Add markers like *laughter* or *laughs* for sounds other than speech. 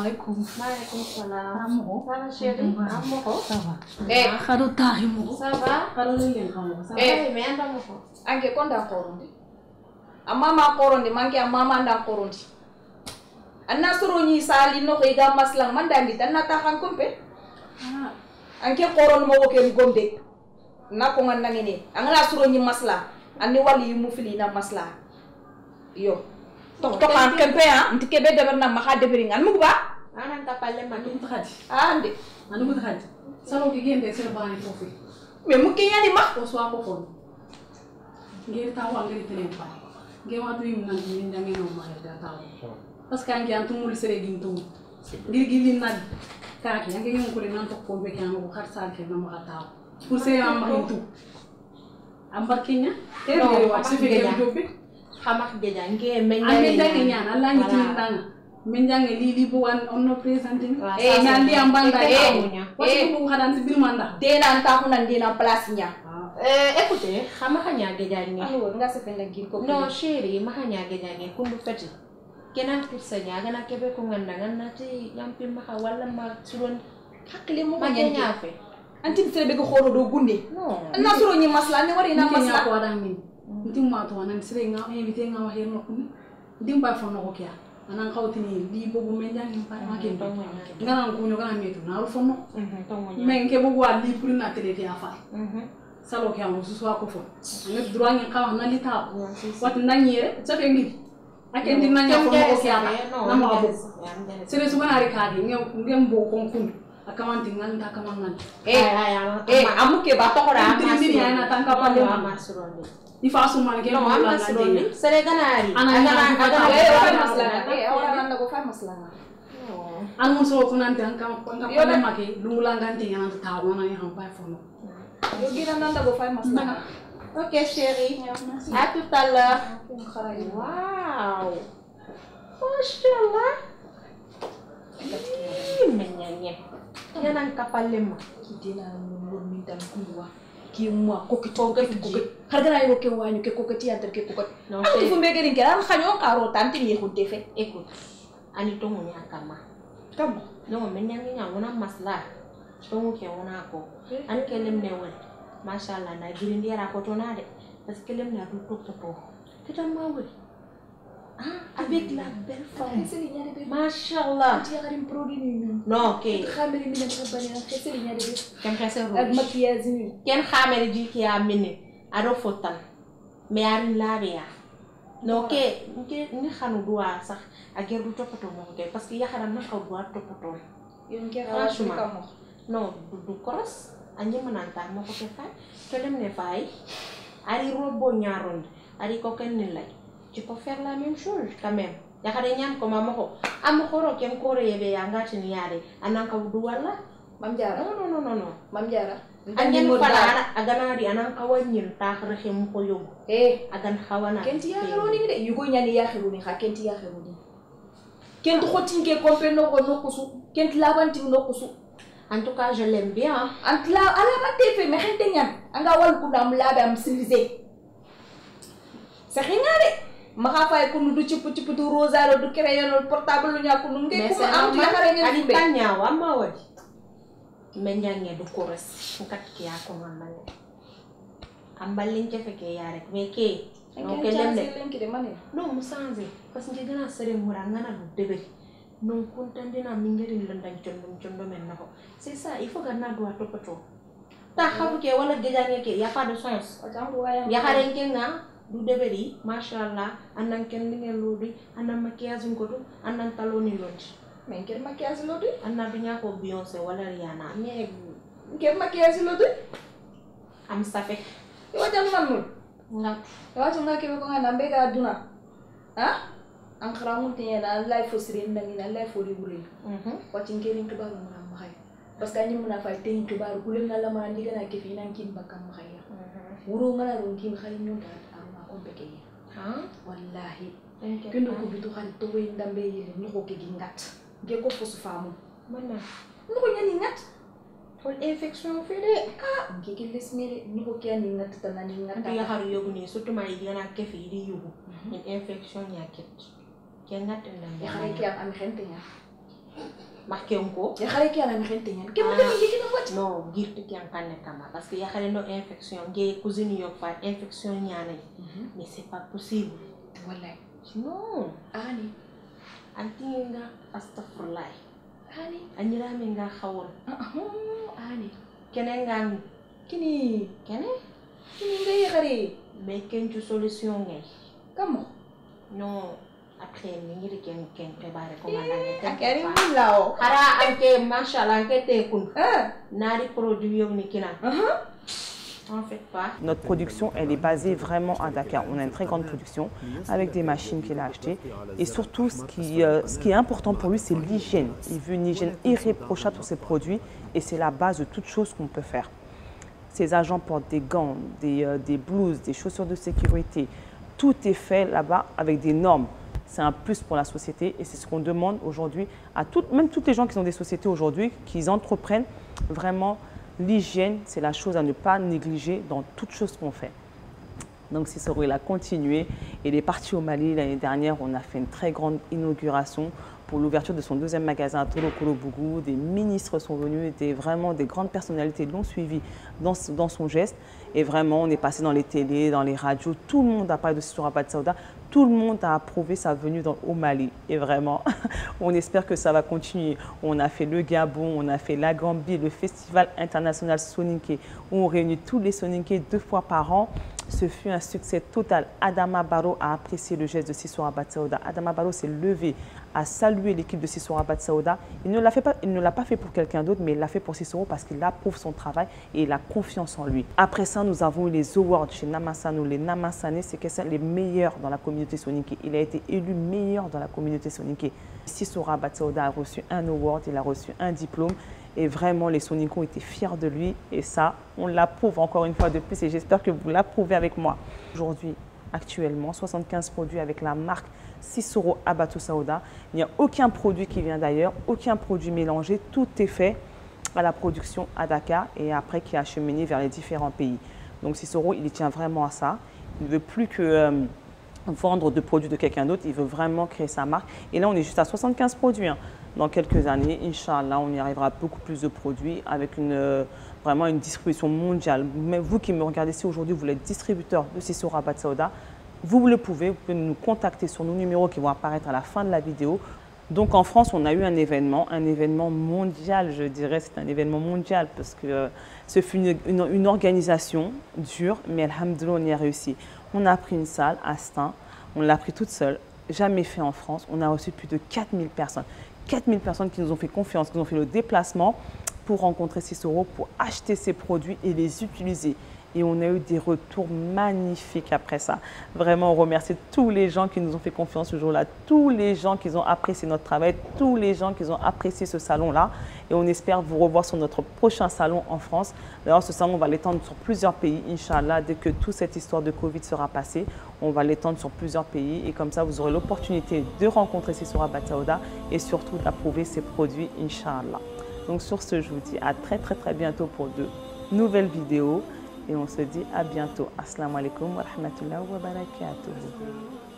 Assalamualaikum. Waalaikumsalam. Amro. Sana chérie. Amro. Ça va. Eh, kado tari mo. Ça va. Kado lingen kamo. Ça va. Eh, me anda kamu, Ange konda korondi. Amma ma korondi manke amma ma anda korondi. maslang mandandi ah. tan na takan kompe. Ah. Anke koron mo ko ken gomde. Na ko wali mu fili Yo. Tok tokan kempe ha. Ntike be dabar ananta palle man min taxati ande anu mu taxati salo ki gende sino bani fofi me mu ki nyani ma ko swa ko fon ngir taw ngir tele pa nge watu yim nan min dangi no ma da taw parce que ngi antu mul sere gin tu ngir gi lin nan ka ki ngi ngi ko le nan to ko be kan ko har sal ke no ma taw pour sere am ma tu am barkinya tere wa ci fi ngi do bi xamax geja ngi men ngi ngi ngi ngi ngi ngi ngi ngi menjange li li buwan onno presenting sami andi am banda e wati bu hadan sibir manda dena ta kunan dena place nya Eh, écoutez, xama xanya gejani. Allo, nga se fenda gir ko. Non, chérie, ma xanya gejani kundu fati. Kenan kursa nya gana kebe ko nganda ngana ti yampi ma wala ma turon hakle mo ma nya fe. Anti sere be ko xoro do gunde. Non. Na soro nyi masla ne wari na masla. Ko wadan min. Ndim ma to nan sere nga invité nga wahe no kunni. Ndim ba fo no ko kya kau kawtini di bogu menjang yang pa ma ken ngana ko nyoga na metu na rufo no men ke bogu ali puri na tele ti afa salo ke amu susu ako fo ne droit ngi kawa na lita wat na nyere so ke na ke ala na ma bo sele su na re ka di ngi ngi mbo kon kun akaman tingal nda akaman ngal eh eh amu ke ba to ko ra ma suru ifasumane ke mamasirini sereganari an muso kunanti an kampalemake lungulangante yananta tawana yan bay fono Ok chérie, Merci. à tout à l'heure. Wow! Machallah. Ih, Yang Jangan kapalnya mah. Kita nak minta kuah. kimwa ko kitoke ko hargana yo ke wanyu ke ko ke tiyan ter ke ko no te ah, fu mege rin keram khanyo karo tanti ni ko tefe ani to mo nya kama kama no men nya nya wona masla to mo ke wona ko eh? ani ke lem ne won allah na girin dira ko to na de parce que lem na ru ko to ko kitan ma wuri avec la belle femme machallah non kay ken xeseru ken xamere jiki ya mini aɗo fotan mais arin laaɓeya no ke ok ni xanu duwa sax a ger du topato mo ke parce que yakhara na xaw duwa topatoon franchement non du koros a ñimananta moxo ke fay to lem ne faay ari robo nyaron ari ko ken ni lay tu peux faire la même chose quand même yakare ñaan ko ma moko am xoro ken ko reebe ya ngati ni yaade anan ka wudu wala mam jara no no no no mam jara angen falara agana ri anan ka wanyil taxra xe ko yobu eh agan xawana kenti ya xero ni de yugo ñani ya xero ni kenti ya xero ni kenti xotin ah. ke kompe no ko no kusu kenti labanti no kusu en tout cas je l'aime bien ant la ala ma tefe me xente ñan anga wal ku dam labe am civilisé sa xinga maxaafaay kundu du cipu cipu du rosaire du crayon portable lu ñaa kundu mu ngi kuma am ti yakare ngeen jumbe ani tanyawa amma du kores a ki ya ko mamale ambalin jefe ke ya rek me ke no ke lemle no musanze parce que dina sere murangana du debeli non kuntandina a landan chondom chondom en nako c'est ça il faut garna do topato ta xamu ke wala ke nga du debe li machallah andan ken li ngeen lodi andan maquillage ngi ko du andan taloni lodi men ken maquillage lodi andan bi ñako beyoncé wala rihanna mais ken maquillage lodi am sa fe wa jam lan mu nga wa jam nga kebe ko nga nambe ga duna ha an kharamu tiya na life fo sirin na ngi na life fo libre hmm wa ko baaru ma ma hay parce que ñu mëna fay teñ ko ku leen na la gëna kin bakam ma hay mhm. wuro mëna ron kin xay ñu ko be ha wallahi kendo ko bitu kan to we ndambe yele no ko kegi ngat ge ko fosu famu mana no ko nyani ngat hol infection fede ah ge ke lesmere no ko kyani ngat tana ni ngat ya haru yogu ni sutu mai yana ke fi ri yogu infection ya ket ke ngat ndambe ya ke am am khente ya makenko yakhare ke ala mkhente nyen ke mudem ngi kino wat no girtu ke ankane kama parce que yakhare no infection ngi cousine yo fa infection nyane mm -hmm. mais c'est pas possible wallahi no ani anti nga astaghfirullah ani anyira me nga khawon oh, ani kene nga kini kene kini ngi yakhare mais kencu solution ngai kamo no après fait pas. Notre production, elle est basée vraiment à Dakar. On a une très grande production avec des machines qu'il a achetées. Et surtout, ce qui, euh, est important pour lui, c'est l'hygiène. Il veut une hygiène irréprochable pour ses produits et c'est la base de toute chose qu'on peut faire. Ses agents portent des gants, des euh, blouses, des chaussures de sécurité. Tout est fait là-bas avec des normes c'est un plus pour la société et c'est ce qu'on demande aujourd'hui à toutes, même toutes les gens qui ont des sociétés aujourd'hui, qu'ils entreprennent vraiment l'hygiène, c'est la chose à ne pas négliger dans toute chose qu'on fait. Donc ça il a continué. Il est parti au Mali l'année dernière. On a fait une très grande inauguration pour l'ouverture de son deuxième magasin à Bougou. Des ministres sont venus, des, vraiment des grandes personnalités l'ont suivi dans, son geste. Et vraiment, on est passé dans les télés, dans les radios. Tout le monde a parlé de Cicero Abad Saouda. Tout le monde a approuvé sa venue au Mali. Et vraiment, *laughs* on espère que ça va continuer. On a fait le Gabon, on a fait la Gambie, le Festival international Soninké, où on réunit tous les Soninké deux fois par an. Ce fut un succès total. Adama Baro a apprécié le geste de Sisora Rabat Adama Baro s'est levé, à saluer l'équipe de Sisora Rabat Il ne l'a pas, fait pour quelqu'un d'autre, mais il l'a fait pour Sissou parce qu'il approuve son travail et il a confiance en lui. Après ça, nous avons eu les awards chez Namasanu. Les Namasanés, c'est les meilleurs dans la communauté sonique. Il a été élu meilleur dans la communauté sonique. Sisora Rabat a reçu un award, il a reçu un diplôme. Et vraiment, les Sonico étaient fiers de lui. Et ça, on l'approuve encore une fois de plus. Et j'espère que vous l'approuvez avec moi. Aujourd'hui, actuellement, 75 produits avec la marque Sissoro Abato Saouda. Il n'y a aucun produit qui vient d'ailleurs, aucun produit mélangé. Tout est fait à la production à Dakar et après qui est acheminé vers les différents pays. Donc Sisoro, il tient vraiment à ça. Il ne veut plus que... Euh, vendre de produits de quelqu'un d'autre, il veut vraiment créer sa marque. Et là, on est juste à 75 produits. Hein. Dans quelques années, Inch'Allah, on y arrivera beaucoup plus de produits avec une, euh, vraiment une distribution mondiale. Mais vous qui me regardez, si aujourd'hui vous êtes distributeur de Sissou Rabat Saouda, vous le pouvez, vous pouvez nous contacter sur nos numéros qui vont apparaître à la fin de la vidéo donc en France, on a eu un événement, un événement mondial, je dirais, c'est un événement mondial parce que euh, ce fut une, organisation dure, mais alhamdoulilah, on y a réussi. On a pris une salle à on l'a pris toute seule, jamais fait en France. On a reçu plus de 4000 personnes. 4000 personnes qui nous ont fait confiance, qui nous ont fait le déplacement pour rencontrer euros, pour acheter ces produits et les utiliser et on a eu des retours magnifiques après ça. Vraiment, on remercie tous les gens qui nous ont fait confiance ce jour-là, tous les gens qui ont apprécié notre travail, tous les gens qui ont apprécié ce salon-là. Et on espère vous revoir sur notre prochain salon en France. D'ailleurs, ce salon, on va l'étendre sur plusieurs pays, inshallah. Dès que toute cette histoire de Covid sera passée, on va l'étendre sur plusieurs pays. Et comme ça, vous aurez l'opportunité de rencontrer Sissoura Bataoda et surtout d'approuver ses produits, Inch'Allah. Donc sur ce, je vous dis à très très très bientôt pour de nouvelles vidéos. Et on se dit à bientôt. Assalamu alaikum wa rahmatullahi wa barakatuh.